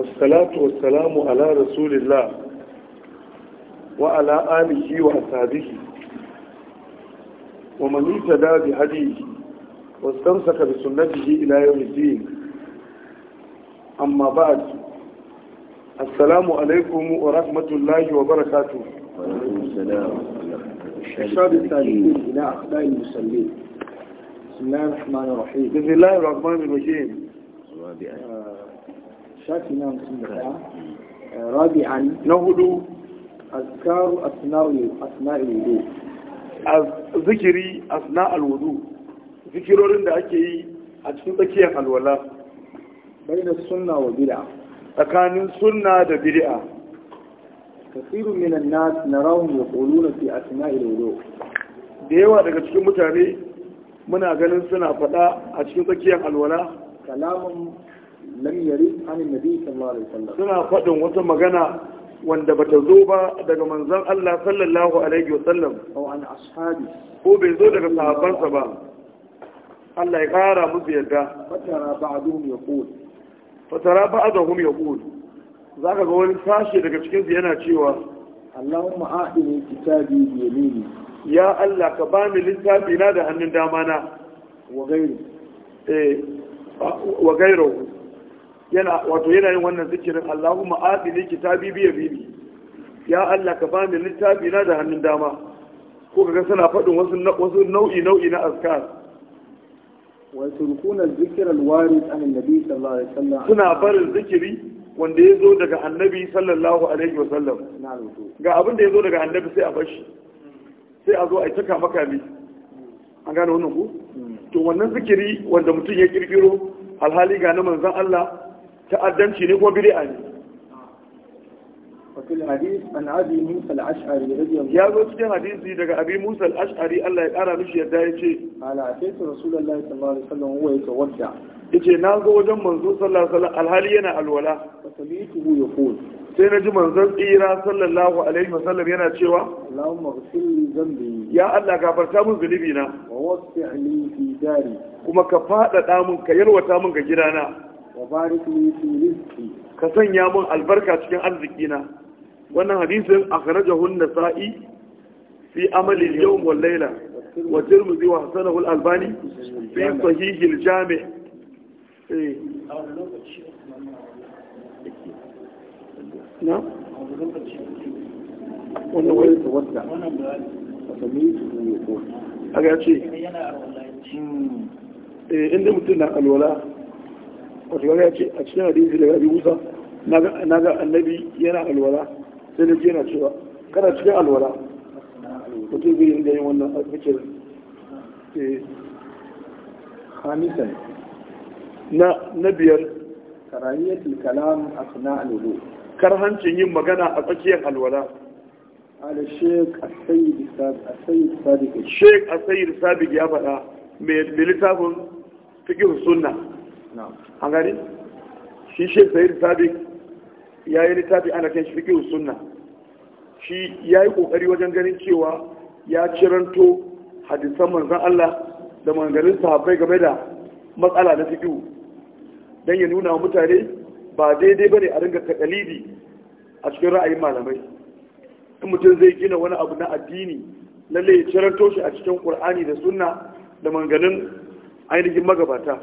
والصلاة والسلام على رسول الله وعلى آله وأصحابه ومن اهتدى بهديه واستمسك بسنته إلى يوم الدين أما بعد السلام عليكم ورحمة الله وبركاته وعليكم السلام ورحمة الله إلى المسلمين بسم الله الرحمن الرحيم بسم الله الرحمن الرحيم آه، shafi na eh, hudu zikiri asna'il wudu zikirorin da ake yi a cikin tsakiyar alwala sunna bid'a tsakanin sunna da bid'a kasirun minan fi da yawa daga cikin mutane muna ganin suna faɗa a cikin tsakiyar alwala kalamun lam an annabi sallallahu alaihi wasallam suna faɗin wata magana wanda bata zo ba daga manzon Allah sallallahu ko bai zo daga sahabbansa ba Allah ya kara musu yadda fatara ba'dhum yaqul fatara ba'dhum yaqul zaka ga wani fashi daga cikin su cewa Allahumma a'ini kitabi bi yamini ya Allah ka bani littafi na da hannun dama na yana wato yana yin wannan zikirin Allahumma atini kitabi bi yamini ya Allah ka bani littafi na da hannun dama ko kaga suna faɗin wasu wasu nau'i nau'i na azkar wa turkuna zikr alwarid an annabi sallallahu alaihi wasallam suna barin zikiri wanda ya zo daga annabi sallallahu alaihi wasallam ga abin da ya zo daga annabi sai a bashi sai a zo a yi taka makami an gane wannan ku hmm. to wannan zikiri wanda mutum ya kirkiro alhali ga na manzon Allah ta'addanci ne ko bid'a ne وفي الحديث عن أبي موسى الأشعري رضي الله عنه يا زوج كان حديثي دغ أبي موسى الأشعري الله يقرا yace na zo wajen manzo sallallahu alaihi alhali yana alwala fasalituhu yaqul sai na ji manzon tsira sallallahu alaihi wasallam yana cewa allahumma ghfir dhanbi ya Allah gafarta min zunubi na wa wasi'li fi dari kuma ka fada damun ka yalwata mun ga gidana wa fi rizqi ka sanya mun albarka cikin arziki na wannan hadisin akhrajahu an-nasa'i fi amali al-yawm wal layla wa tirmidhi wa hasanahu al-albani fi sahih al-jami' eh wannan eh, na alwala wato ya ce a cikin hadisi da abi musa na ga annabi yana alwala sai da yana cewa kana cikin alwala mutum zai yin yin wannan alfikir eh. hamisan na na biyar karahiyatul kalam asna alwudu karhancin yin magana a tsakiyar alwala ala sheik asayid sabiq sheik asayid sabiq ya faɗa mai littafin fikir sunna an gani shi shek sayid tabi ya yi littafi ana kan shirki sunna shi ya yi kokari wajen ganin cewa ya ciranto hadisan manzan Allah da mangarin sahabbai game da matsala na fiƙiwu don ya nuna wa mutane ba daidai ba ne a ringa takalidi a cikin ra'ayin malamai in mutum zai gina wani abu na addini lalle ya ciranto shi a cikin ƙur'ani da sunna da manganin ainihin magabata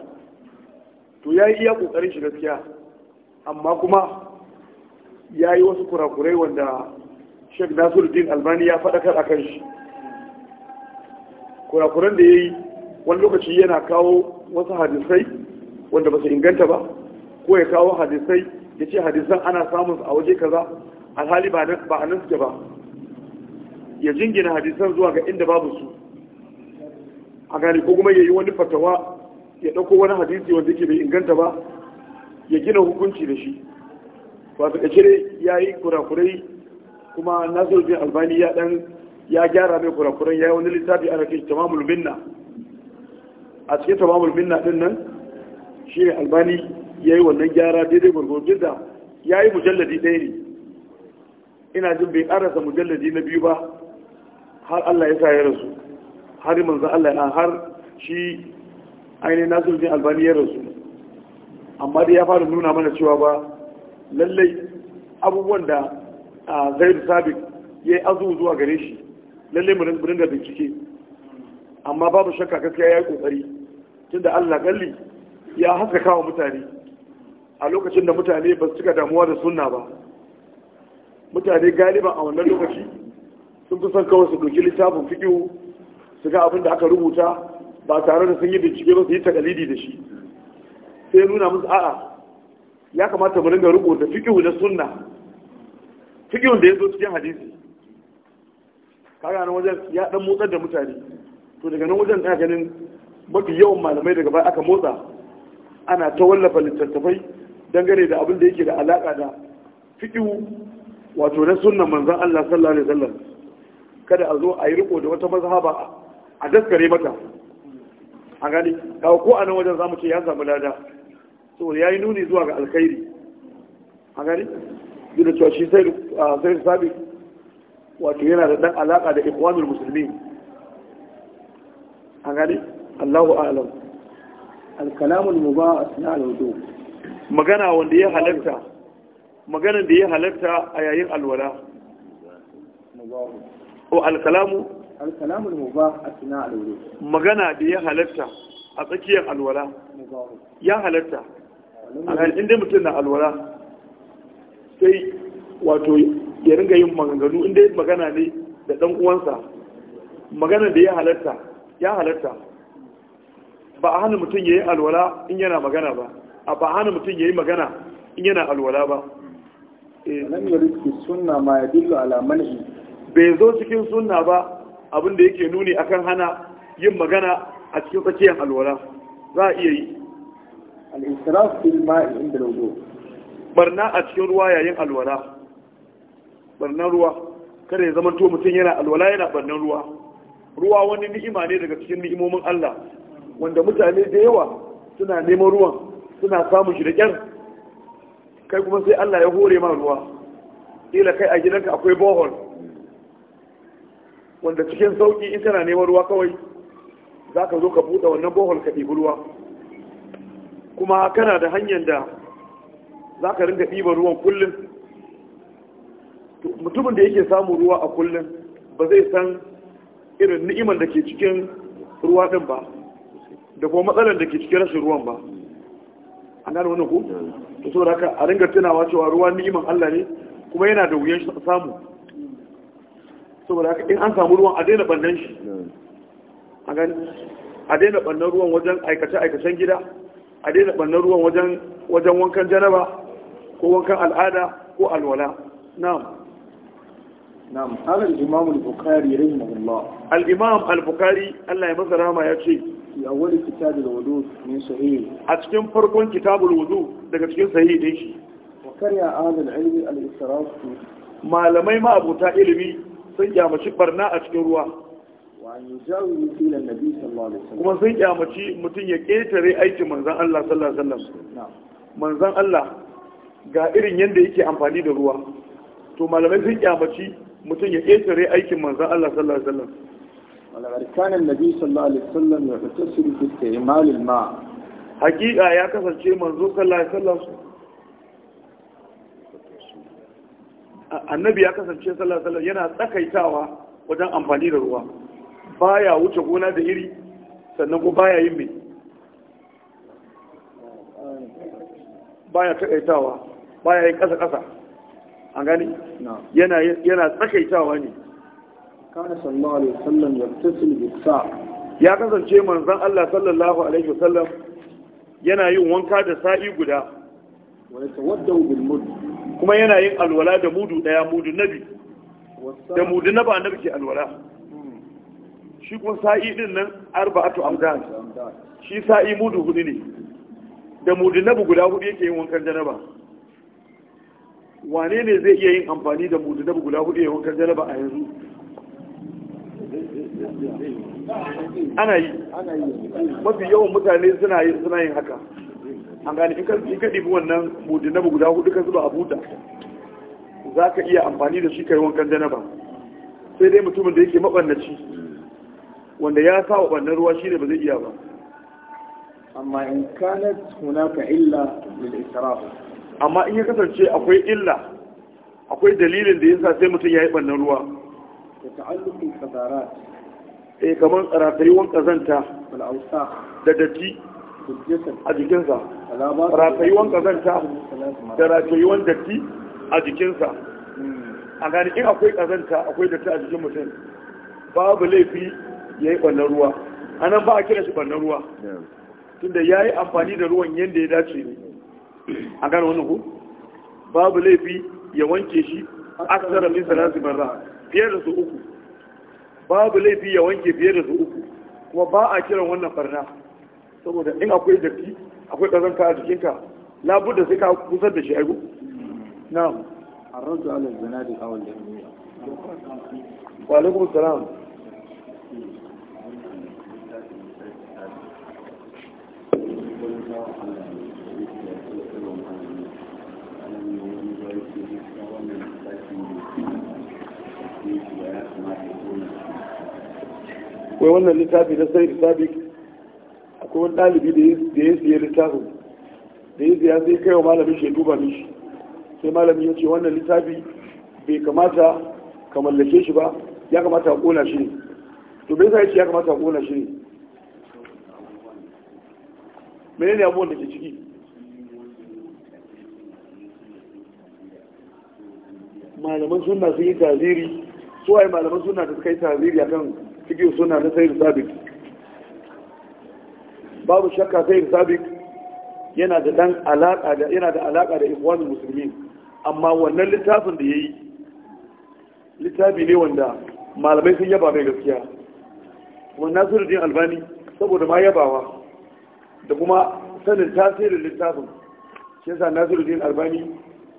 to ya yi iya kokarin shi gaskiya amma kuma ya yi wasu kurakurai wanda shek din albani ya faɗakar a kan shi kurakuran da ya yi wani lokaci yana kawo wasu hadisai wanda ba su inganta ba ko ya kawo hadisai ya ce hadisan ana samun a waje kaza alhali ba a nan suke ba ya jingina hadisan zuwa ga inda babu su a gane ko kuma ya yi wani fatawa ya ɗauko wani hadisi wanda yake bai inganta ba ya gina hukunci da shi wato ka cire ya yi kurakurai kuma nasiru bin albani ya ɗan ya gyara mai kurakurai ya yi wani littafi ana kai tamamul minna a cikin tamamul minna ɗin nan shi ne albani ya yi wannan gyara daidai gwargwar da ya yi mujalladi ɗaya ne ina jin bai karasa mujalladi na biyu ba har Allah ya sa ya rasu har manzo Allah ya har shi ainihin nasiruddin albani ya rasu amma dai ya fara nuna mana cewa ba lallai abubuwan da zaidu sabik ya yi azu zuwa gare shi lallai mu da bincike amma babu shakka gaskiya ya yi kokari tunda allah galli ya haskaka wa mutane a lokacin da mutane ba su cika damuwa da sunna ba mutane galiban a wannan lokaci sun fi son kawai su ɗauki littafin fiƙihu su ga abin da aka rubuta ba tare da sun yi bincike ba su yi takalidi da shi sai nuna musu a'a ya kamata mu ringa rubuta fikihu na sunna fikihu da ya zo cikin hadisi kaga nan wajen ya dan motsar da mutane to daga nan wajen ka ganin mafi yawan malamai daga baya aka motsa ana ta wallafa littattafai dangane da abin da yake da alaka da fikihu wato na sunnan manzon Allah sallallahu alaihi wasallam kada a zo a yi riko da wata mazhaba a daskare mata a gani ga ko a nan wajen zamu ce ya samu lada saboda ya yi nuni zuwa ga alkhairi a gani duk to cewa shi sai ah, sabi wato yana da dan alaka da ikwanul musulmi a gani allahu alam ba mubarak na alwudu magana wanda ya halatta maganan da ya halatta a yayin alwala o alkalamu alkalamul mubah asna alwala magana da ya halatta a tsakiyar alwala ya halatta inda mutum na alwala sai wato ya ringa yin maganganu inda magana ne da dan uwansa magana da ya halatta ya halatta ba a hana mutum ya yi alwala in yana magana ba a ba a hana mutum ya yi magana in yana alwala ba eh. lam yuriski sunna ma yadullu ala alamani. bai zo cikin suna ba abin da yake nuni akan hana yin magana a cikin tsakiyar alwala za a iya yi al fil ma'i inda barna a cikin ruwa yayin alwala barnan ruwa kada ya zama to mutum yana alwala yana barnan ruwa ruwa wani ni'ima ne daga cikin ni'imomin Allah wanda mutane da yawa suna neman ruwan suna samun shi da kyar kai kuma sai Allah ya hore ma ruwa ila kai a gidanka akwai bohol wanda cikin sauƙi in kana neman ruwa kawai za ka zo ka buɗe wannan bohol ka ɗibi ruwa kuma kana da hanyar da za ka ringa ɗiban ruwan kullum mutumin da yake samun ruwa a kullum ba zai san irin ni'imar da ke cikin ruwa ɗin ba da kuma matsalar da ke cikin rashin ruwan ba an gane wani ku? to saboda haka a ringa tunawa cewa ruwa ni'imar Allah ne kuma yana da wuyan samu saboda haka in an samu ruwan a daina bannan shi a gani a daina bannan ruwan wajen aikace-aikacen gida a daina bannan ruwan wajen wankan janaba ko wankan al'ada ko alwala na'am na'am halal imam al-bukhari rahimahullah al-imam al-bukhari Allah ya masa rama ya ce ya wani kitabul wudu min sahih a cikin farkon kitabul wudu daga cikin sahi din shi wa karya ahlul ilmi al-israf malamai ma abuta ilimi sun kyamaci barna a cikin ruwa kuma sun kyamaci mutum ya ƙetare aikin manzan Allah sallallahu alaihi wasallam manzan Allah ga irin yadda yake amfani da ruwa to malamai sun kyamaci mutum ya ƙetare aikin manzan Allah sallallahu alaihi wasallam ولقد كان النبي صلى الله عليه وسلم يغتسل في استعمال الماء حقيقة يا كسر شيء صلى الله عليه وسلم annabi ya kasance sallallahu alaihi yana tsakaitawa wajen amfani da ruwa baya wuce gona da iri sannan ko baya yin mai baya tsakaitawa baya yin kasa kasa an gani yana yana tsakaitawa ne kana sallallahu alaihi wasallam yaktasil bisa ya kasance manzon Allah sallallahu alaihi wasallam yana yin wanka da sa'i guda wa yatawaddu bil mud kuma yana yin alwala da mudu daya mudu nabi da mudu na ba nabi ke alwala hmm. shi kuma sa'i din nan arba'atu amdan shi sa'i mudu hudu ne da mudu nabi guda hudu yake yin wankan janaba wane ne zai iya yin amfani da mudu nabi guda hudu yake wankan janaba a yanzu ana yi mafi yawan mutane suna yin haka an gane in ka ɗibi wannan na guda hudu ka zuba a buta za ka iya amfani da shi kai wankan janaba sai dai mutumin da yake maɓannaci wanda ya sa wa ɓannan ruwa shi ne ba zai iya ba amma in kanat ka illa lil israf amma in ya kasance akwai illa akwai dalilin da yasa sai mutum ya yi ɓannan ruwa da ta'alluqin kasara eh kamar wanka zanta da datti a jikinsa ratayuwan kazanta da ratayuwan datti a jikinsa a gani in akwai kazanta akwai datti a jikin mutum babu laifi ya yi ɓannan ruwa a nan ba a kira shi ɓannan ruwa tunda ya yi amfani da ruwan yadda ya dace ne a gani wani ku babu laifi ya wanke shi tsara min salasi ra fiye da su uku babu laifi ya wanke fiye da su uku kuma ba a kiran wannan farna saboda in akwai datti akwai ka a jikinka da sai ka kusa da shi aibu na arraju ala zanadi awal jami'a wa salam wai wannan littafi na sai sabiq ko wani ɗalibi da ya siya littafin da ya siya sai kai wa malamin shi duba mishi sai malamin ya ce wannan littafi bai kamata ka mallake shi ba ya kamata a kona shi ne to bai sa ya ce ya kamata a kona shi ne mene ne abubuwan da ke ciki malaman suna sun yi taziri su malaman suna da suka yi taziri akan cikin suna na sayar sabit babu shakka sai sabik yana da dan alaka da yana da alaka da ikwani musulmi amma wannan littafin da yayi littafi ne wanda malamai sun yaba mai gaskiya kuma Nasiruddin Albani saboda ma yabawa da kuma sanin tasirin littafin shi yasa Nasiruddin Albani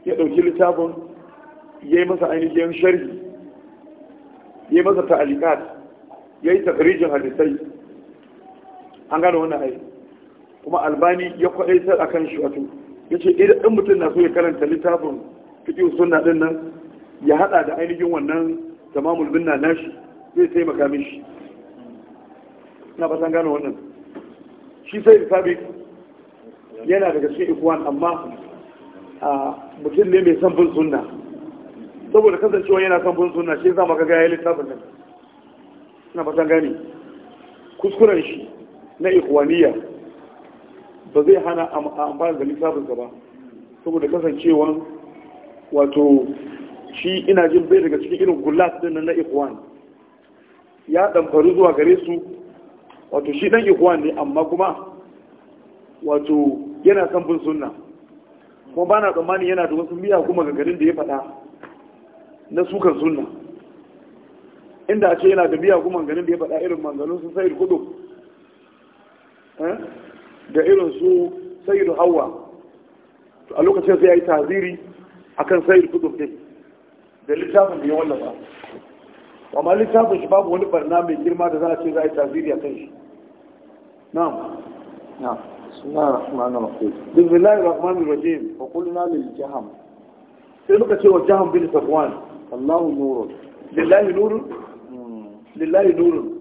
ya dauki littafin yayi masa ainihin sharhi yayi masa ta'alikat yayi takrijin hadisai an gane wannan ayi kuma albani ya a akan shi wato yace idan mutum na so ya karanta littafin fiqh sunna din nan ya hada da ainihin wannan tamamul binna nashi zai taimaka mishi na ba san gane wannan shi sai sabi yana daga cikin ikwan amma a mutum ne mai son bin sunna saboda kasancewa yana son bin sunna shi yasa maka ga ya littafin nan na ba san gane kuskuren shi na ikhwaniya ba zai hana a amfani da lissafinsa ba saboda kasancewan wato shi ina jin bai daga cikin irin gulas din na ikhwan ya faru zuwa gare su wato shi dan ikhwan ne amma kuma wato yana son bin sunna kuma ba na tsammani yana da wasu miya kuma ga garin da ya faɗa na sukan sunna inda a ce yana da miya kuma garin da ya faɗa irin manganun sun sai kudu Eh, da irin su sayyidu hawa a lokacin sai ya yi taziri kan sayyidu kutub din da littafin da ya wallafa amma littafin shi babu wani barna mai girma da za a ce za a yi taziri akan shi na'am na'am suna rahman rahim bismillahir rahmanir rahim wa qulna lil jaham sai muka ce wa jaham bin safwan Allahu nurun lillahi nurun hmm. lillahi nurun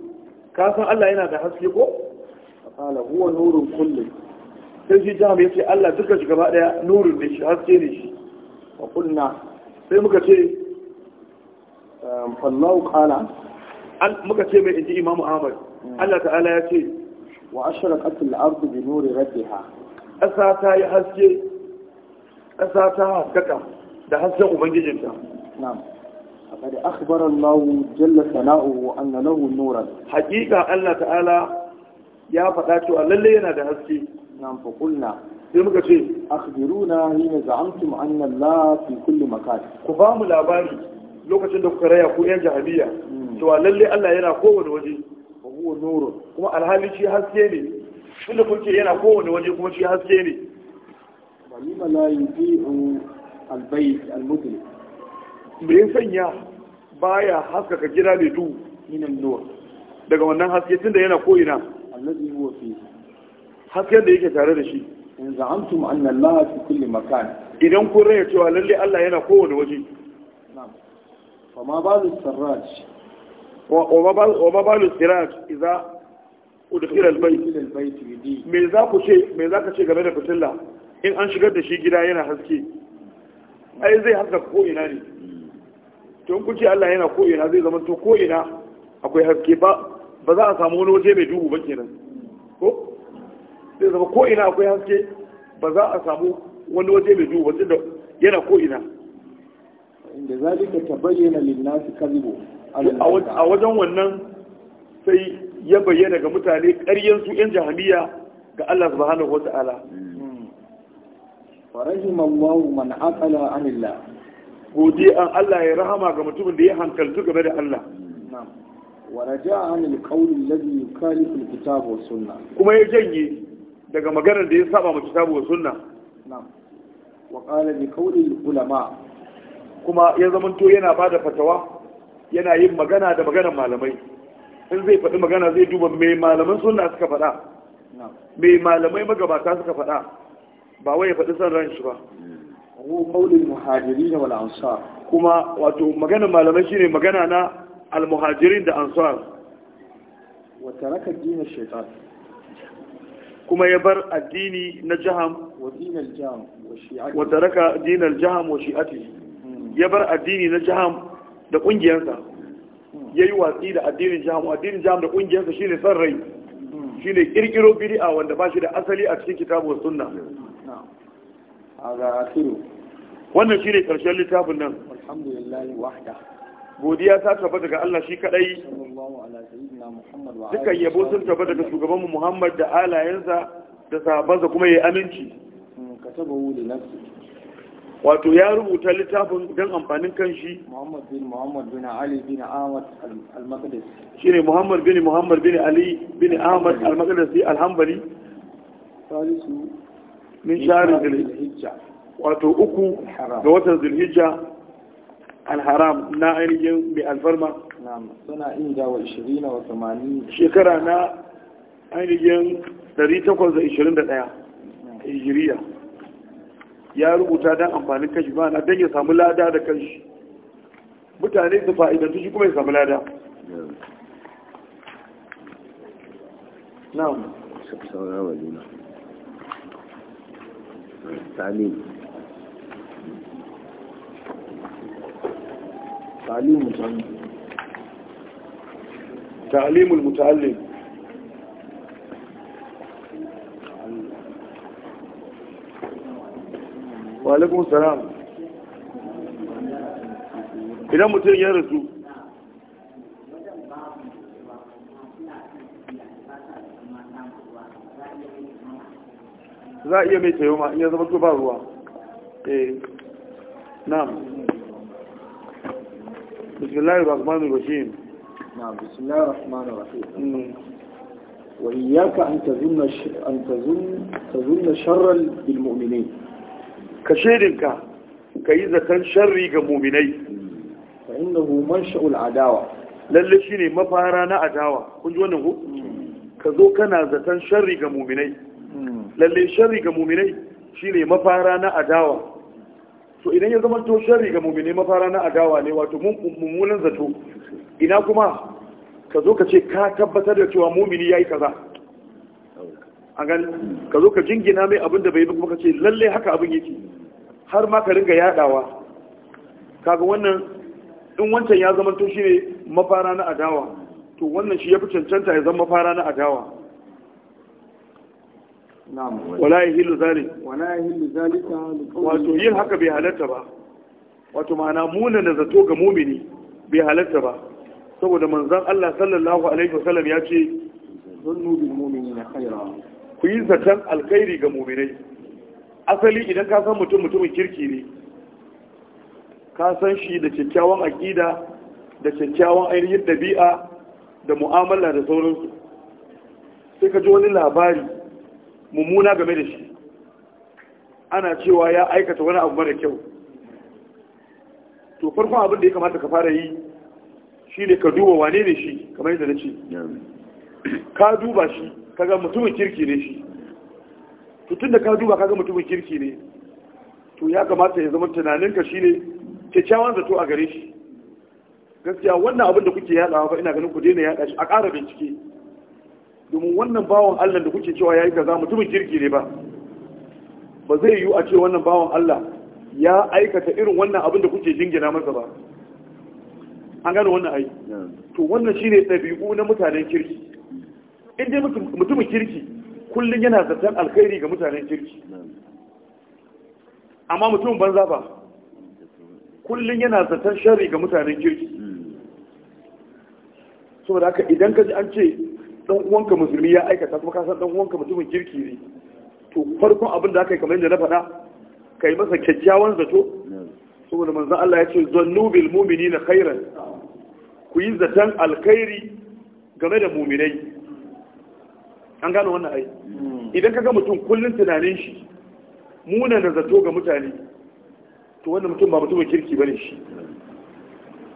ka san Allah yana da haske ko ala huwa nurun kulli sai shi jami yace Allah duka shi gaba daya nurun ne shi haske ne shi wa kulna sai muka ce um, fallahu qala muka ce mai inji imamu ahmad hmm. Allah ta'ala ya ce wa ashraqat al-ard bi nuri rabbiha ƙasa ta yi haske ƙasa ta haskaka da hasken ubangijinta na'am فقد أخبر الله جل ثناؤه أن له نورا حقيقة الله تعالى ya faɗa cewa lalle yana da haske Na fakulna sai muka ce akhbiruna hina za'amtum anna Allah fi kulli makan ku ba mu labari lokacin da kuka raya ko yan To cewa lalle Allah yana kowane waje wa huwa nurun kuma alhali shi haske ne tunda kun ce yana kowane waje kuma shi haske ne walima la yudi'u albayt almudlim me sanya baya haskaka gida mai duhu minan nur daga wannan haske tunda yana ko ina alladhi huwa fi hasken da yake tare da shi in za'antum anna allaha fi kulli makan idan kun rage cewa lalle Allah yana kowane waje na'am fa ma balu sirraj wa ma balu sirraj idza udkhila albayt me za ku ce me za ka ce game da fitilla in an shigar da shi gida yana haske ai zai haska ko ina ne to in kun ce Allah yana ko ina zai zama to ko ina akwai haske ba ba za a samu wani waje mai duhu ba kenan ko sai zama ko ina akwai haske ba za a samu wani waje mai duhu ba da yana ko ina inda zalika tabayyana lin-nasi kadhibu a wajen wannan sai ya bayyana ga mutane ƙaryen su yan jahiliya ga Allah subhanahu wata'ala farahim Allah man aqala anillah godiya Allah ya rahama ga mutumin da ya hankaltu game da Allah na'am Wa ورجاء عن القول الذي wa الكتاب Kuma ya janye daga maganar da ya saba ma kitabu wa sunna wa qala bi qawli ulama kuma ya zamanto yana bada fatawa yana yin magana da maganar malamai in zai faɗi magana zai duba mai malaman sunna suka faɗa mai malamai magabata suka faɗa ba wai ya faɗi son ran shi ba ko qawli muhajirin wal ansar kuma wato maganar malamai shine magana na almuhajirin da ansar wa taraka dinin shaitan kuma ya bar addini na jaham wa taraka dinar jaham wa shi'ati hmm. ya bar addini na jaham da ƙungiyarsa hmm. ya yi watsi da addinin jaham addinin jaham da ƙungiyarsa shi ne son rai hmm. shi ne ƙirƙiro biri'a wanda ba shi da asali a cikin kitabu suna. wannan shi ne ƙarshen littafin nan alhamdulillahi wahda godiya ta taba daga Allah shi kadai duka yabo sun taba daga shugaban mu Muhammad da alayensa da sahabansa kuma yayi aminci hmm, wato ya rubuta littafin don amfanin kanshi Muhammad bin Muhammad bin Ali bin Ahmad al-Maqdisi shine Muhammad bin Muhammad bin Ali bin Ahmad al-Maqdisi al-Hanbali salisu min shahri dhul-hijja wato uku ga watan dhul alharam na ainihin mai alfarma suna inda wa 20 wa 80 shekara na ainihin hijiriya ya rubuta don amfanin kashi ba na don ya samu lada da kashi mutane su fa'idantu shi kuma ya samu lada تعليم المتعلم تعليم المتعلم وعليكم السلام إذا متين ya rasu za a iya mai tsayoma in iya zama ba ruwa eh na بسم الله الرحمن الرحيم نعم بسم الله الرحمن الرحيم وإياك أن تظن أن تظن تظن شرا بالمؤمنين كشيرك كإذا كان شري كمؤمنين فإنه منشأ العداوة lalle shi ne mafara na adawa kun ji wannan ko ka zo kana zaton sharri ga muminai lalle sharri ga muminai shi ne mafara na adawa to idan ya zama to sharri ga mumine mafara na adawa ne wato mummunan zato ina kuma ka zo ka ce ka tabbatar da cewa mumini yayi kaza a gani ka zo ka jingina mai abin da bai yi kuma ka ce lalle haka abin yake har ma ka ringa yadawa kaga wannan in wancan ya zama to shi ne mafara na adawa to wannan shi ya fi cancanta ya zama mafara na adawa wala ya hilu zari wato yin haka bai halatta ba wato ma'ana muna da zato ga mumini bai halatta ba saboda manzan Allah sallallahu alaihi wasallam ya ce ku yi zaton alkhairi ga muminai asali idan ka san mutum mutumin kirki ne ka san shi da kyakkyawan aƙida da kyakkyawan ainihin ɗabi'a da mu'amala da sauransu sai ka ji wani labari mummuna game da shi ana cewa ya aikata wani abu mara kyau to farkon abin da ya kamata ka fara yi shi ne ka duba wane ne shi kamar yadda na ce ka duba shi kaga mutumin kirki ne shi to tun da ka duba kaga mutumin kirki ne to ya kamata ya zama tunaninka shi ne kyakkyawan zato a gare shi gaskiya wannan abin da kuke yadawa ba ina ganin ku daina yada shi a ƙara bincike domin wannan bawan Allah da kuke cewa ya yi kaza mutumin kirki ne ba ba zai yiwu a ce wannan bawan Allah ya aikata irin wannan abin da kuke jingina masa ba an gano wannan ai to wannan shine ɗabi'u na mutanen kirki in dai mutumin kirki kullum yana zaton alkhairi ga mutanen kirki amma mutumin banza ba kullum yana zaton shari ga mutanen kirki hmm. saboda haka idan ka ji an ce dan uwanka musulmi ya aikata kuma ka san dan uwanka mutumin kirki ne to farkon abin da aka yi kamar yadda na faɗa kai masa kyakkyawan zato saboda manzo Allah ya ce zannu bil mu'minina khairan ku yi zaton alkhairi game da mu'minai an gano wannan ai idan kaga mutum kullun tunanin shi muna da zato ga mutane to wannan mutum ba mutumin kirki bane shi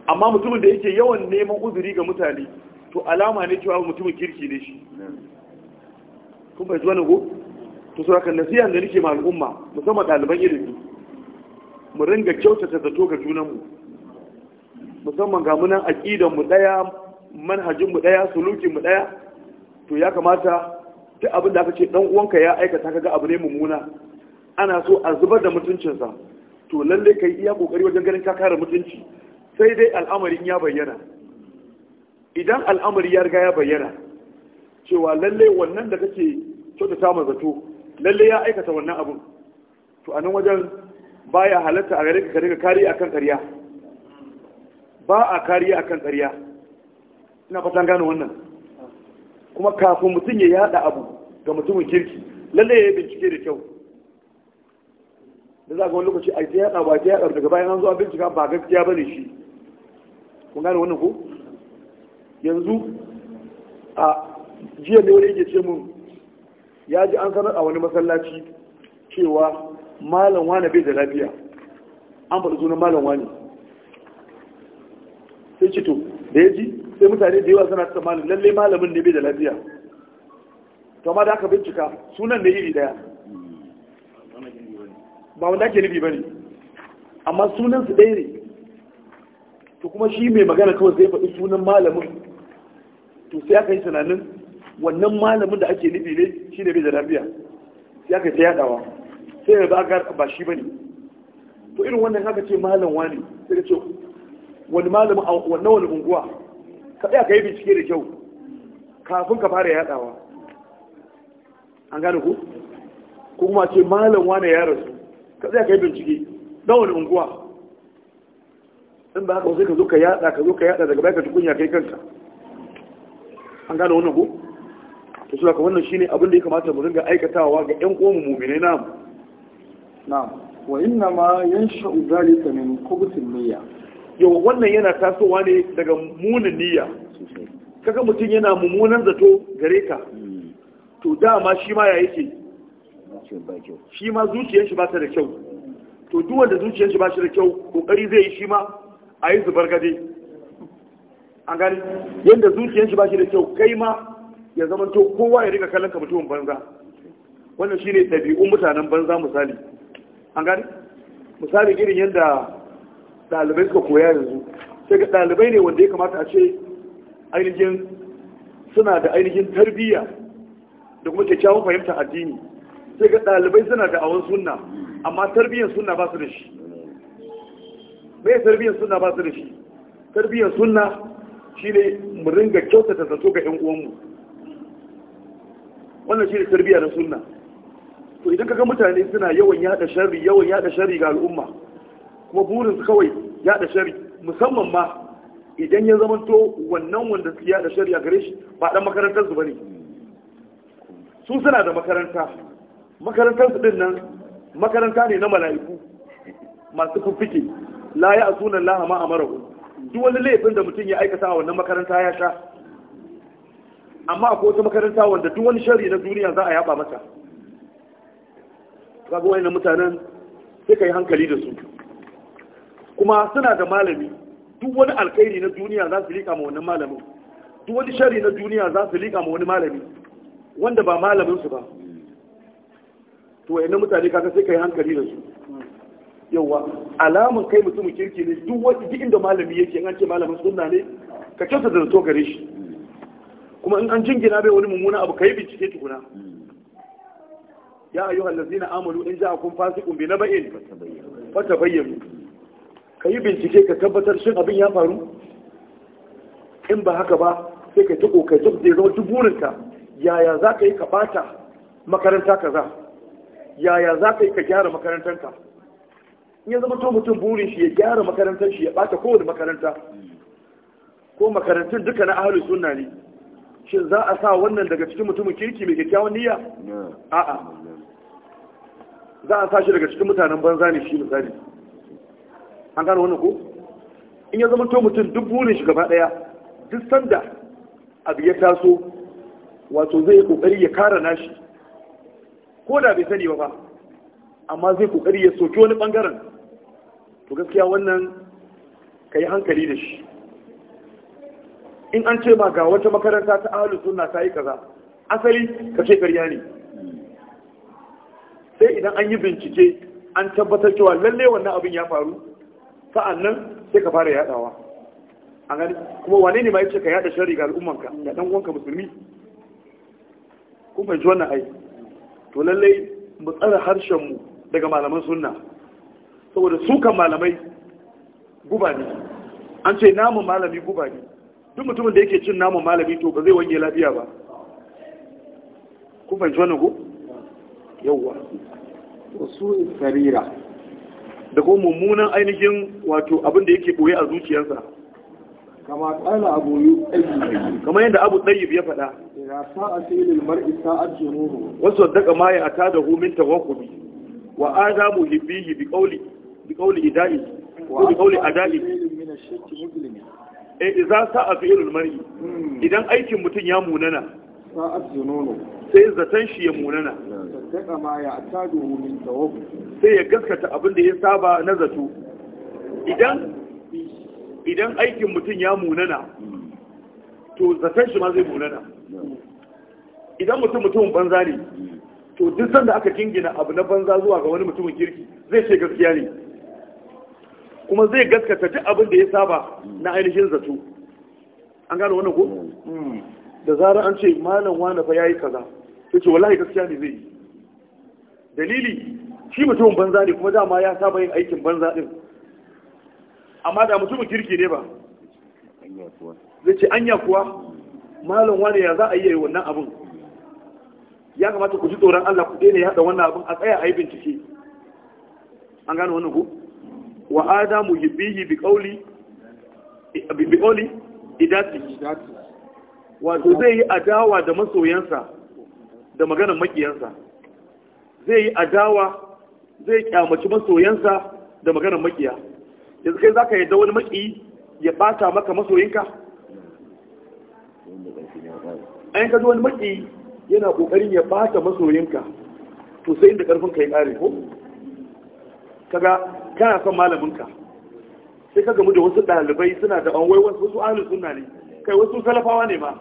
amma mutumin da yake yawan neman uzuri ga mutane to alama ne cewa mutumin kirki ne shi kun bai zuwa ko to su haka da nake ma al'umma musamman ɗaliban ilimi mu ringa kyautata zato ga junanmu musamman ga munan aƙidan mu ɗaya manhajin ɗaya sulukin mu ɗaya to ya kamata ta abin da aka ce dan uwanka ya aikata kaga abu ne mummuna ana so a zubar da mutuncinsa to lalle kai iya kokari wajen ganin ka kare mutunci sai dai al'amarin ya bayyana idan al'amari ya riga ya bayyana cewa lalle wannan da kake kyautata ma zato lalle ya aikata wannan abun to a nan wajen baya halatta a gare ka kare kariya akan ƙarya ba a kariya akan ƙarya ina fatan gano wannan kuma kafin mutum ya yada abu ga mutumin kirki lalle ya yi bincike da kyau da za ga wani lokaci a ta yada ba ta yada daga bayan an zo a bincika ba gaskiya bane shi kun gane wannan ko yanzu a jiya ne wani yake ce mun ya ji an sanar a wani masallaci cewa malam wane bai da lafiya an faɗi sunan malam wane sai ce to da ya ji sai mutane da yawa suna cikin malam lalle malamin ne bai da lafiya to ma da aka bincika sunan ne iri daya ba wanda ake nufi bane amma sunan su ɗaya ne to kuma shi mai magana kawai zai faɗi sunan malamin to sai aka yi tunanin wannan malamin da ake nufi ne shi ne bai da lafiya sai aka ta yadawa sai ya ba ba shi ba ne to irin wannan haka ce malam wani sai ka ce wani malamin a wannan wani unguwa ka tsaya ka yi bincike da kyau kafin ka fara yadawa an gane ku kuma ce malam wani ya rasu ka tsaya ka yi bincike na wani unguwa in ba haka wasu ka zo ka yada ka zo ka yada daga baya ka tukunya kai kanka an gane wannan ko to su ka wannan shine abin da ya kamata mu ringa aikatawa ga ƴan mu'mini na namu na wa inna ma yansha'u zalika min qubutin niyya yau wannan yana tasowa ne daga munin niyya kaga mutum yana mummunan zato gare ka hmm. to dama shi ma ya yake shi ma zuciyar shi ba ta da kyau to duk wanda zuciyar shi ba shi da kyau kokari zai yi shi ma a yi zubar gade an gani yadda zuciyar shi ba shi da kyau kai ma ya zama to kowa ya rika kallon ka mutumin banza wannan shi ne ɗabi'un mutanen banza misali an gani misali irin yadda ɗalibai suka koya yanzu sai ga ɗalibai ne wanda ya kamata a ce ainihin suna da ainihin tarbiyya da kuma kyakkyawan fahimtar addini sai ga ɗalibai suna da awon sunna amma tarbiyyar sunna ba su da shi me tarbiyyar sunna ba su da shi tarbiyyar sunna shi ne mu ringa kyautata zato ga 'yan uwanmu wannan shi ne tarbiyya na sunna to idan kaga mutane suna yawan yada shari, yawan yada shari ga al'umma kuma burin kawai yada shari, musamman ma idan ya to wannan wanda su yada shari a gare shi ba dan makarantarsu ba ne. su suna da makaranta Makarantarsu ɗin nan makaranta ne na mala'iku masu fiffike la ya asuna Allah ma mara. duk wani laifin da mutum ya aikata a wannan makaranta ya sha amma akwai wata makaranta wanda duk wani shari na duniya za a yaba mata Babu wani mutanen sai ka yi hankali da su kuma suna da malami duk wani alkairi na duniya za su liƙa ma wannan malamin duk wani shari na duniya za su liƙa ma wani malami wanda ba malaminsu ba to wani mutane kasa sai ka yi hankali da su yawa alamun kai mutumin kirki ne duk wani duk inda malami yake an ce malamin sunna ne ka kyauta da to gare shi kuma in an jingina bai wani mummuna abu kai bincike tukuna ya ayyuhal ladzina amalu in ja'akum fasiqun bi naba'in fatabayyanu kai bincike ka tabbatar shin abin ya faru in ba haka ba sai ka tuko ka zub zai zama duk burinka yaya za ka yi ka bata makaranta kaza yaya za ka yi ka gyara makarantanka ya zama to mutum burin shi ya gyara makarantar shi ya bata kowane makaranta ko makarantun duka na ahlus sunna ne shin za a sa wannan daga cikin mutumin kirki mai kyakkyawan niyya a'a za a sa shi daga cikin mutanen banza ne shi misali an gano wannan ko in ya zama to mutum duk burin shi gaba daya duk sanda abu ya taso wato zai yi kokari ya kara nashi ko da bai sani ba ba amma zai kokari ya soki wani bangaren to gaskiya wannan ka yi hankali da shi in an ce ma ga wata makaranta ta ahalu suna ta yi kaza asali ka ce karya ne sai idan an yi bincike an tabbatar cewa lalle wannan abin ya faru sa'an nan sai ka fara yadawa a gani kuma wane ne ma ce ka yada shari ga al'ummanka ga dan uwanka musulmi kuma ji wannan ai to lalle mu tsara harshen mu daga malaman sunna saboda sukan malamai guba ne an ce namun malami guba ne duk mutumin da yake cin namun malami to ba zai wange lafiya ba Ku fahimci wani ko yawwa wasu sarira da kuma mummunan ainihin wato abinda da yake boye a zuciyarsa kama kala abu yi kama yadda abu tsayib ya faɗa a ce ilil mar'i sa'ar junuhu wasu daga maye ya ta da humin tawakkumi wa adamu hibbi-hibbi qawli بقول إدائي وبقول أدائي إذا إذا أيك متن يا موننا sai zaton shi ya munana sai ya gaskata abin da ya saba na zato idan aikin mutum ya munana to zaton shi ma zai munana idan mutum banza ne to duk sanda aka jingina abu na banza zuwa ga wani mutumin kirki zai ce gaskiya ne kuma zai gaskata duk abin da ya saba na ainihin zato an gano wannan ko hmm. da zarar an ce malam wani fa yayi kaza sai ce wallahi gaskiya ne zai yi dalili shi mutumin banza ne kuma dama ya saba yin aikin banza din amma da mutumin kirki ne ba zai ce anya kuwa malam wani ya za a yi wannan abin ya kamata ku ji tsoron Allah ku daina haɗa wannan abin a tsaya a yi bincike an gano wannan ku wa adamu yubihi bi qawli bi qawli idati wato zai yi adawa da masoyansa da maganar makiyansa zai yi adawa zai kyamaci masoyansa da maganar makiya yanzu kai zaka yadda wani maki ya bata maka masoyinka an kaji wani maki yana kokarin ya bata masoyinka to sai inda karfin ka ya kare ko kaga kana son malaminka sai ka gamu da wasu ɗalibai suna da an wai wasu ahlus sunna ne kai wasu salafawa ne ma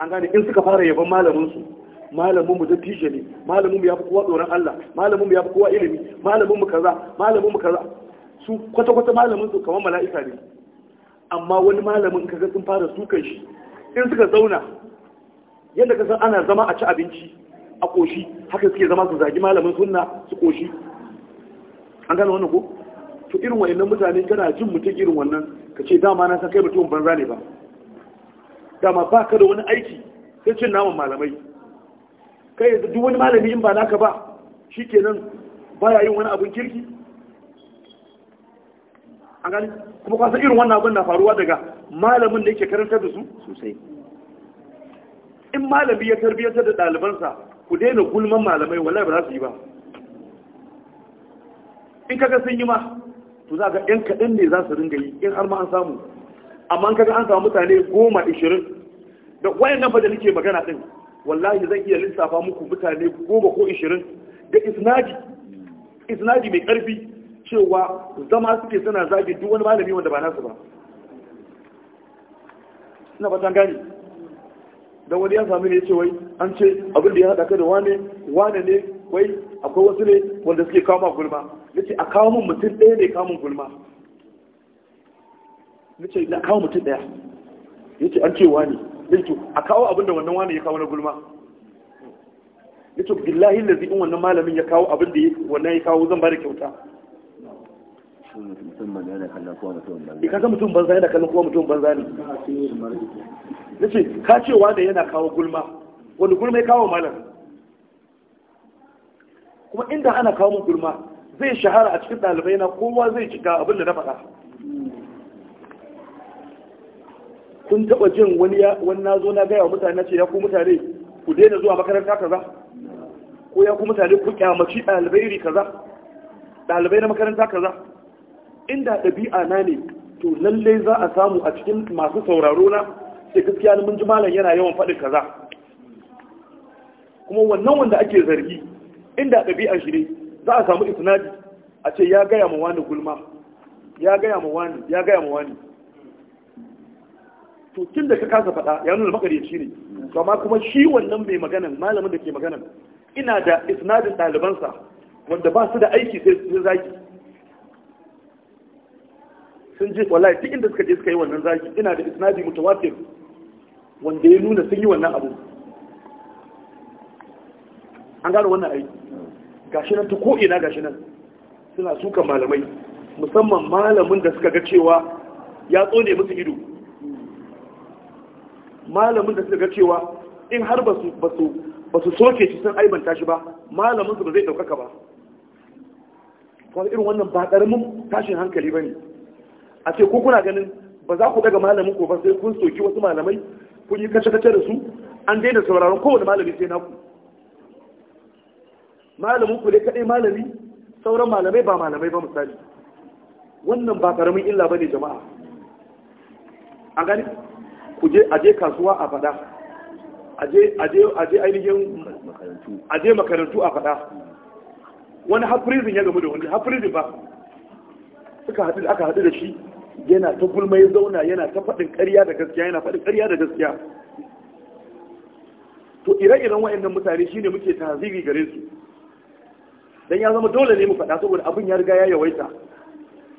an gane in suka fara yaban malamin su malamin mu tije ne malamin mu yafi kowa tsoron Allah malamin mu yafi kowa ilimi malamin mu kaza malamin mu kaza su kwata kwata malamin su kamar mala'ika ne amma wani malamin kaga sun fara sukan shi in suka zauna yadda ka san ana zama a ci abinci a koshi haka suke zama su zagi malamin sunna su koshi an gano wannan ko to irin wa'annan mutane kana jin mutum irin wannan ka ce dama na san kai mutum banza ne ba dama ba ka da wani aiki sai cin naman malamai kai yanzu duk wani malami in ba naka ba shi ba baya yin wani abin kirki an gani kuma kwasa irin wannan abin na faruwa daga malamin da yake karantar da su sosai in malami ya tarbiyyantar da ɗalibansa ku daina gulman malamai wallahi ba za su yi ba in kaga sun yi ma to za ga ɗan kaɗan ne za su ringa yi in har ma an samu amma kaga an samu mutane goma ishirin da wayan nan da nake magana ɗin wallahi zan iya lissafa muku mutane goma ko ishirin da isnadi isnadi mai ƙarfi cewa zama suke suna zagi duk wani malami wanda ba nasu ba ina tan gani da wani ya sami ne ce wai an ce abin da ya haɗa ka da wane wane ne wai akwai wasu ne wanda suke kama gulma ya ce a kawo mun mutum ɗaya ne kawo mun gulma na ce na kawo mutum ɗaya ya ce an cewa ne Na ce a kawo abinda wannan wani ya kawo na gulma Na ce billahi lazi in wannan malamin ya kawo abinda wannan ya kawo zan ba da kyauta eh, ka ga mutum banza yana kallon kuma mutum banza ne na ce ka cewa da yana kawo gulma wani gulma ya kawo malam kuma inda ana kawo mun gulma zai shahara a cikin ɗalibai na kowa zai cika abin da na faɗa kun taɓa jin wani na zo na gaya wa mutane ce ya ku mutane ku daina zuwa makaranta kaza ko ya ku mutane ku kyamaci ɗalibai iri kaza ɗalibai na makaranta kaza inda ɗabi'a na ne to lallai za a samu a cikin masu sauraro na sai gaskiya mun ji malam yana yawan faɗin kaza kuma wannan wanda ake zargi inda ɗabi'a shi ne za a samu isnadi a ce ya gaya ma wani gulma ya gaya ma wani ya gaya ma wani to tun da ka kasa faɗa ya nuna makaryaci ne amma kuma shi wannan mai maganan malamin da ke maganan ina da isnadin ɗalibansa wanda ba su da aiki sai su zaki sun je wallahi duk inda suka je suka yi wannan zaki ina da isnadi mutawatir wanda ya nuna sun yi wannan abu an gano wannan aiki gashi nan ta ko'ina gashi nan suna suka malamai musamman malamin da suka ga cewa ya tsone musu ido malamin da suka ga cewa in har ba su soke shi sun aibanta shi ba malamin su ba zai ɗaukaka ba kuma irin wannan ba ƙaramin tashin hankali ba ne a ce ko kuna ganin ba za ku daga malamin ko ba sai kun soki wasu malamai kun yi kace-kace da su an daina sauraron kowane malami sai naku malamin ku dai kadai malami sauran malamai ba malamai ba misali wannan ba karamin illa bane jama'a an gani ku je a je kasuwa a fada a je a je a je ainihin makarantu a je makarantu a fada wani har ya gamu da wani har ba suka haɗu aka haɗu da shi yana ta gulmai zauna yana ta faɗin ƙarya da gaskiya yana faɗin ƙarya da gaskiya to ire-iren waɗannan mutane shine muke taziri gare su dan ya zama dole ne mu faɗa saboda abin ya riga ya yawaita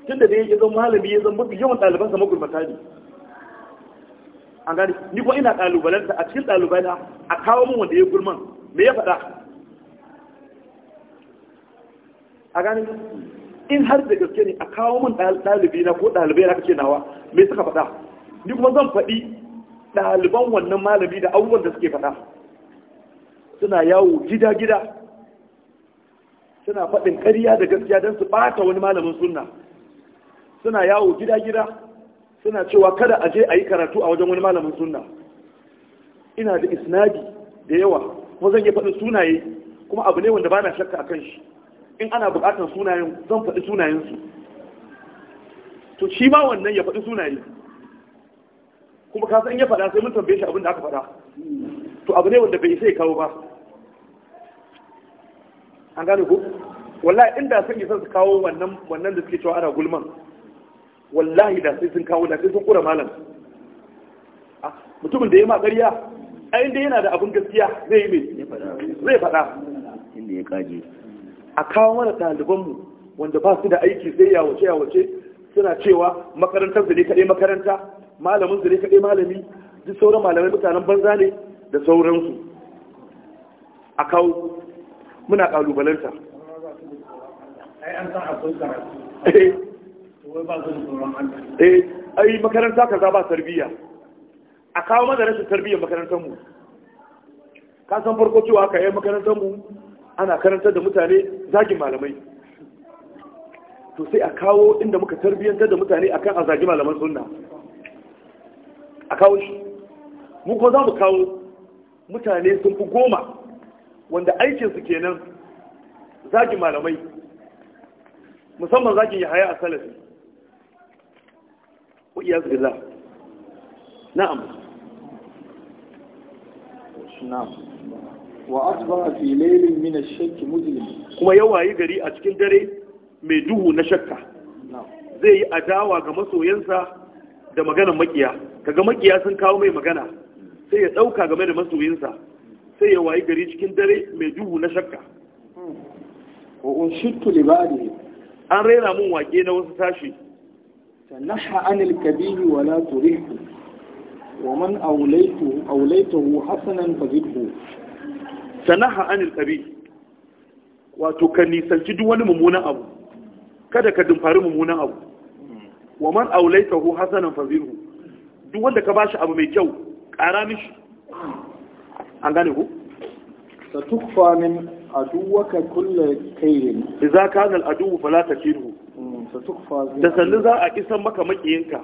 tunda da yake zan malami ya zan mafi yawan ɗalibansa sa magulmata ne an gani ni ko ina ɗalubalanta a cikin ɗalibana a kawo min wanda ya gurman me ya faɗa a gani in har da gaske ne a kawo min ɗalibi na ko ɗalibai na kace nawa me suka faɗa ni kuma zan faɗi ɗaliban wannan malami da abubuwan da suke faɗa suna yawo gida-gida suna faɗin ƙarya da gaskiya don su ɓata wani malamin sunna suna yawo gida-gida suna cewa kada a je a yi karatu a wajen wani malamin sunna ina da isnadi da yawa kuma zan yi faɗin sunaye kuma abu ne wanda ba na shakka a kan shi in ana buƙatar sunayen zan faɗi sunayensu to shi ma wannan ya faɗi sunaye kuma ka san ya faɗa sai mun tambaye shi abin da aka faɗa to abu ne wanda bai sai kawo ba an gane ko wallahi inda sun isa su kawo wannan wannan da suke cewa ana gulman wallahi da sai sun kawo da sai sun kura malam ah, mutumin da ya makariya ƙarya ai inda yana da abin gaskiya zai yi mai zai faɗa inda ya kaji a kawo mana ɗalibanmu wanda ba su da aiki sai yawace yawace suna cewa makarantar su ne kaɗai makaranta malamin su ne kaɗai malami duk sauran malamai mutanen banza ne da sauransu a kawo muna kalubalanta ai an san akwai karatu eh, eh ba tarbiyya a kawo mana rashin tarbiyyar makarantar ka san farko cewa ka yi makarantar mu ana karantar da mutane zagin malamai to sai a kawo inda muka tarbiyyantar da mutane akan a zagi malaman sunna a kawo shi mu ko za mu kawo mutane sun fi goma wanda aikinsu kenan zaki malamai musamman zaki ya haya a salafi wa iya zirla na'am na'am wa asba fi lailin min ash-shakk mujlim kuma yi gari a cikin dare mai duhu na shakka zai yi adawa ga masoyansa da maganar makiya kaga makiya sun kawo mai magana sai ya dauka game da masoyinsa sai ya wayi gari cikin dare mai duhu na shakka wa unshitu libadi an rera mun wake na wasu tashi tanaha anil kabiri wala turihu wa man awlaytu awlaytuhu hasanan fazidhu tanaha anil kabiri wato ka nisanci duk wani mummunan abu kada ka dumfari mummunan abu wa man awlaytuhu hasanan fazidhu duk wanda ka bashi abu mai kyau ƙara mishi an gane ku ta tukfa min aduwaka kulle kairin Iza ka al aduwu fala takirhu ta mm, tukfa da sannu za a kisan maka makiyinka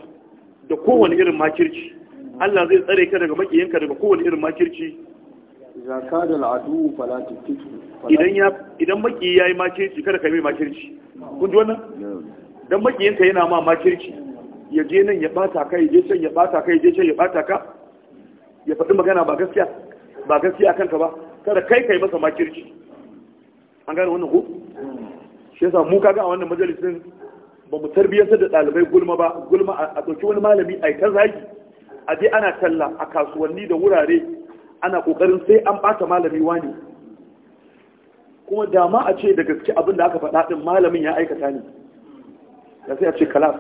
da kowane irin makirci Allah zai tsare ka daga makiyinka daga kowane irin makirci Iza ka al aduwu fala takirhu idan ya idan maki yayi makirci kada ka mai makirci kun ji wannan dan makiyinka yana ma makirci ya je nan ya bata ka ya je can ya bata ka ya je can ya bata ka ya faɗi magana ba gaskiya ba gaskiya kanka ba kada kai kai masa makirci an gane wannan ko shi yasa mu kaga a wannan majalisin ba mu tarbiyyantar da ɗalibai gulma ba gulma a dauki wani malami a ta zagi a je ana talla a kasuwanni da wurare ana kokarin sai an ɓata malami wani kuma da a ce da gaske abin da aka faɗa din malamin ya aikata ne da sai a ce kalas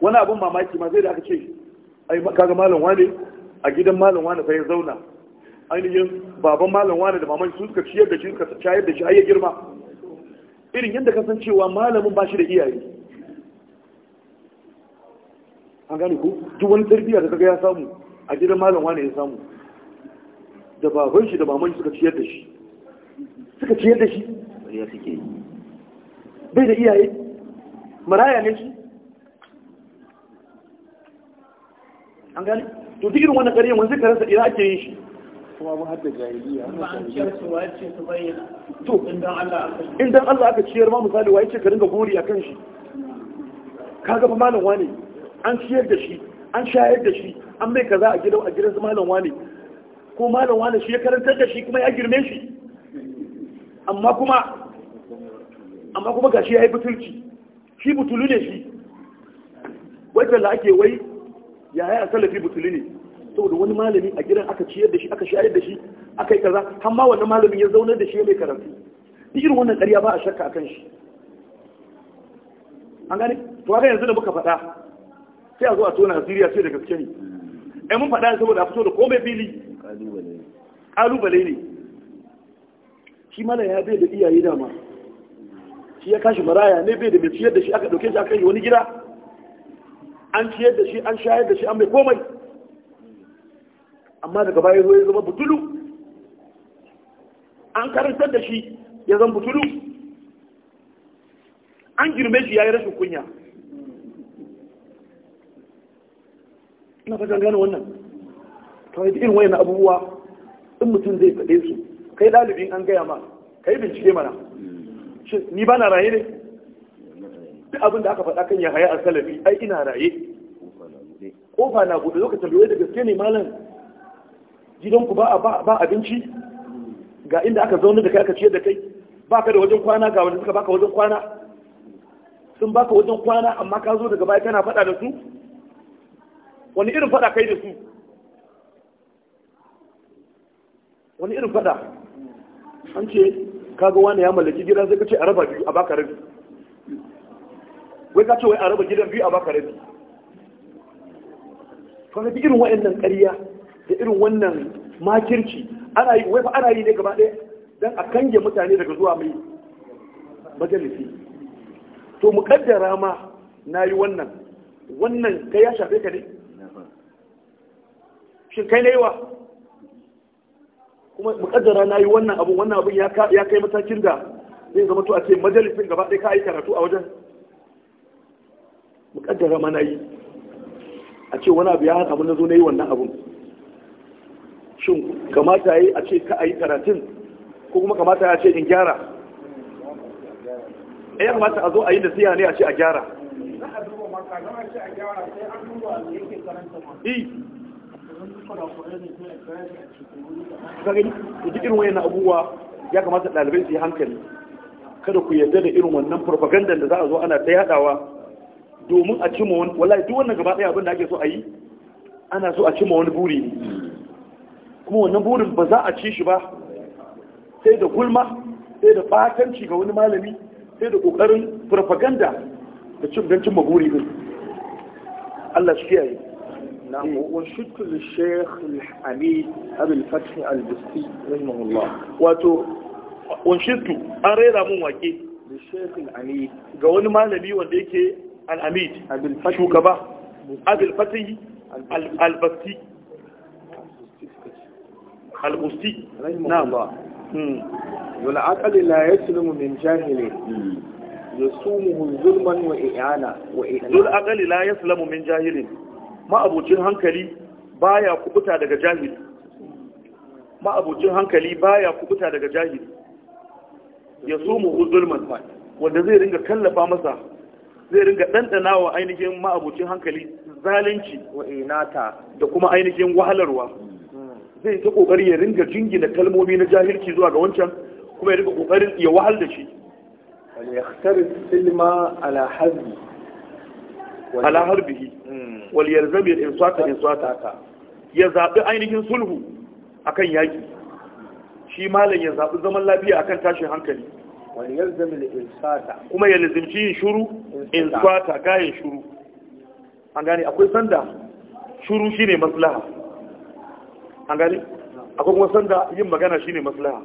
wani abin mamaki ma sai da aka ce ai kaga malam wani a gidan malam wani sai ya zauna ainihin baban malam wani da maman su suka ciyar da shi suka cayar da shi ayyar girma irin yadda kasan cewa malamin ba shi da iyaye an gane ku? duk wani tarbiyya da kaga ya samu a gidan malam wani ya samu da baban shi da maman suka ciyar da shi suka ciyar da shi bai da iyaye maraya ne shi an gane to duk irin wannan ƙaryan wanzu karansa ina ake yin shi kuma mun hadda jahiliya to in dan Allah aka ciyar ma misali wai ce ka dinga gori akan shi kaga fa malam wani an ciyar da shi an shayar da shi an mai kaza a gidan a gidan malam wani ko malam wani shi ya karantar da shi kuma ya girme shi amma kuma amma kuma gashi yayi butulci shi butulu ne shi wai da ake wai ya haya salafi butuli ne saboda wani malami a gidan aka ciyar da shi aka shayar da shi aka yi kaza har ma wannan malamin ya zaunar da shi ya mai karatu irin wannan ƙarya ba a shakka akan shi an gane to haka yanzu da muka faɗa sai a zo a tona asiriya sai da gaske ne ai eh, mun faɗa saboda a fito da komai fili kalubale ne shi mana ya bai da iyaye dama shi ya kashi maraya ne bai da mai ciyar da shi aka ɗauke shi aka yi wani gida an ciyar da shi an shayar da shi an mai komai amma daga baya ya zama butulu an karantar da shi ya zama butulu an girme shi ya yi rashin kunya ina fatan gane wannan kawai da irin wayan abubuwa in mutum zai faɗe su kai ɗalibin an gaya ma kai bincike mana ni ba na raye ne duk abin da aka faɗa kan yahaya a salafi ai ina raye kofa na buɗe lokacin da da gaske ne malam gidanku ba ba abinci ga inda aka zauna da kai aka ciyar da kai baka da wajen kwana ga wanda suka baka wajen kwana sun baka wajen kwana amma ka zo daga baya kana faɗa da su wani irin faɗa kai da su wani irin faɗa an ce kaga wani ya mallaki gidan sai ka ce a raba biyu a baka rabi wai ka ce wai a raba gidan biyu a baka rabi to ga irin wayannan ƙarya da irin wannan makirci ana yi wai fa ana yi ne gaba ɗaya dan a kange mutane daga zuwa mai majalisi to mu kaddara ma nayi wannan wannan kai ya shafe ka ne shin kai ne wa kuma mu kaddara nayi wannan abu wannan abun ya kai matakin da zai zama to a ce majalisin gaba ɗaya ka yi karatu a wajen mukaddara mana yi a ce wani abu ya haka mun zo na yi wannan abun shin kamata yi a ce ka a yi karatun ko kuma kamata ya ce in gyara eh, ya kamata a zo a yi da siya ne a ce a gyara eh. kagani da irin wayan abubuwa ya kamata ɗalibai su yi hankali kada ku yarda da irin wannan farfagandan da za a zo ana ta yadawa domin a cimma wani wallahi duk wannan gaba daya abin da ake so a yi ana so a cimma wani buri kuma wannan burin ba za a ci shi ba sai da gulma sai da batanci ga wani malami sai da kokarin propaganda da cin don cimma buri din Allah shi kiyaye نعم al للشيخ الحميد أبي الفتح البستي an rera mun وانشدت أريد أمو واكي للشيخ ga wani malami wanda yake al'amid shugaba abilfatayi albasti al'usti na ba wala akali la ya sulmu min jahili ya sumuhu zulman wa iyana. wa i'ana zul akali la ya sulmu min jahilin ma'abucin hankali baya kubuta daga jahili ma'abucin hankali baya kubuta daga jahili ya sumuhu zulman wanda zai ringa kallafa masa zai ringa ɗanɗana wa ainihin ma'abucin hankali zalunci wa inata da kuma ainihin wahalarwa zai ta kokari ya ringa jingina kalmomi na jahilci zuwa ga wancan kuma ya ringa kokarin ya wahal da shi ala harbihi hmm. wal yalzam bil insata insata ya zabi ainihin sulhu akan yaki shi malam ya zabi zaman lafiya akan tashin hankali wani da insata kuma ya lizimci yin shuru insata kayan shuru an gani akwai sanda shuru shi ne maslaha an gani akwai kuma sanda yin magana shi ne maslaha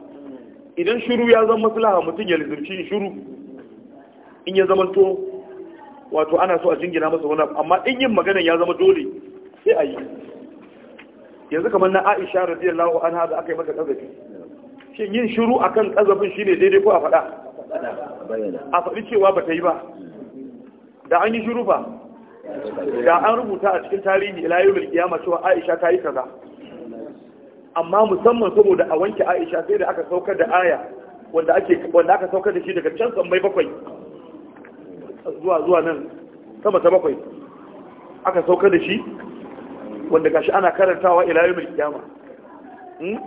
idan shuru ya zama maslaha mutum ya lizimci yin shuru in ya zama to wato ana so a jingina masa wani amma in yin magana ya zama dole sai a yi yanzu kamar na aisha radiyallahu anha da aka yi mata kazafi shin yin shiru akan shi ne daidai ko a faɗa a faɗi cewa ba ta yi ba da an yi shiru ba da an rubuta a cikin tarihi ila yau kiyama cewa Aisha ta yi kaza amma musamman saboda a wanke Aisha sai da aka saukar da aya wanda ake wanda aka saukar da shi daga can sammai bakwai zuwa zuwa nan sama ta bakwai aka saukar da shi wanda gashi ana karantawa ilayoyin yau kiyama hmm?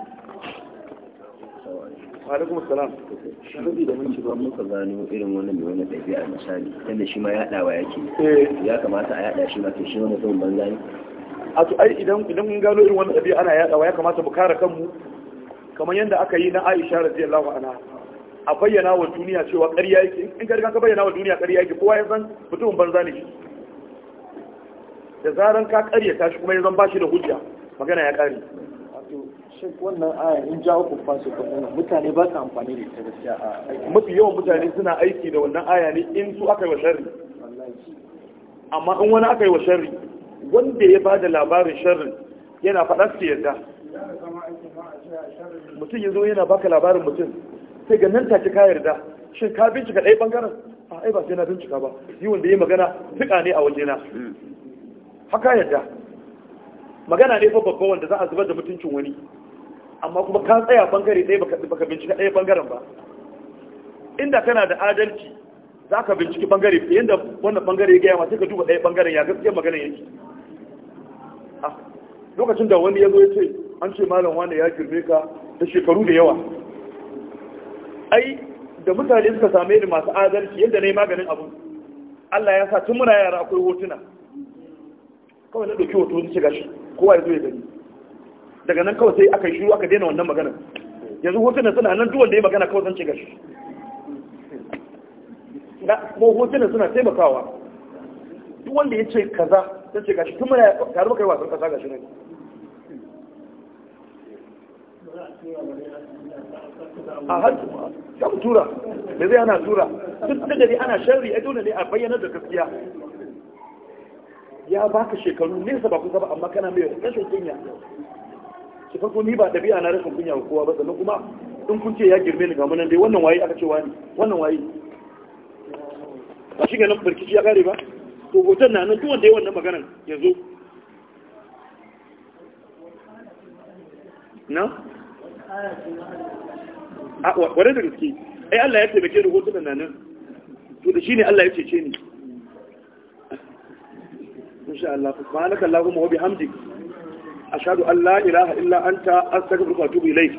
alaikum salam shi da mun ci ba muka gano irin wannan mai wannan ɗabi'a misali tunda shi ma yaɗawa yake eh. ya kamata a yaɗa shi ma to shi ma mutum banza ne a to ai idan idan mun gano irin wannan ɗabi'a ana yaɗawa ya kamata mu kare kanmu kamar yadda aka yi na Aisha radiyallahu anha a bayyana wa duniya cewa ƙarya yake in ka riga ka bayyana wa duniya ƙarya yake kowa ya san mutumin banza ne da zaran ka ƙaryata shi kuma ya zan ba shi da hujja magana ya ƙare shin wannan aya in ja uku fasu kuma mutane ba su amfani da ita gaskiya a mafi yawan mutane suna aiki da wannan aya ne in su aka yi wa sharri amma in wani aka yi wa sharri wanda ya ba da labarin sharrin yana faɗa su yadda. mutum ya zo yana baka labarin mutum sai ga nan take ka yarda shin ka bincika ɗaya ɓangaren a ai ba sai na bincika ba yi wanda ya magana fiƙa ne a wajena hmm. haka yadda. magana ne fa babba wanda za a zubar da mutuncin wani amma kuma ka tsaya bangare ɗaya baka bincika ɗaya bangaren ba inda kana da adalci za ka binciki bangare fiye da wannan bangare ya gaya masu ka duba ɗaya bangaren ya gaskiyar magana yake ah, lokacin da wani ya zo ya ce an ce malam wani ya girme ka da shekaru da yawa ai da mutane suka same ni masu adalci yadda na yi maganin abu Allah ya sa tun muna yara akwai hotuna kawai na ɗauki hoto shiga shi kowa ya zo ya gani daga nan kawai sai aka yi shiru aka daina wannan maganar yanzu hotunan suna nan duwanda ya magana kawai zance gashi kuma hotunan suna taimakawa duk ya ce kaza sun ce gashi tun muna tare baka yi wasan kasa gashi ne a har ya mu tura da zai ana tura duk da dare ana sharri a dole ne a bayyana da gaskiya ya baka shekaru nesa ba kusa ba amma kana mai rashin kunya ki farko ni ba ɗabi'a na rashin kunya ga kowa ba sannan kuma in kun ce ya girme ni ga munan dai wannan waye aka ce wani wannan waye ba shi ga nan barkici ya kare ba to hoton na nan duk wanda ya wannan maganan ya zo na a ware da gaske ai Allah ya taimake ni hotunan na nan to da shine Allah ya cece ni insha Allah subhanaka allahumma wa bihamdika ashhadu an la ilaha illa anta an wa atubu ilayk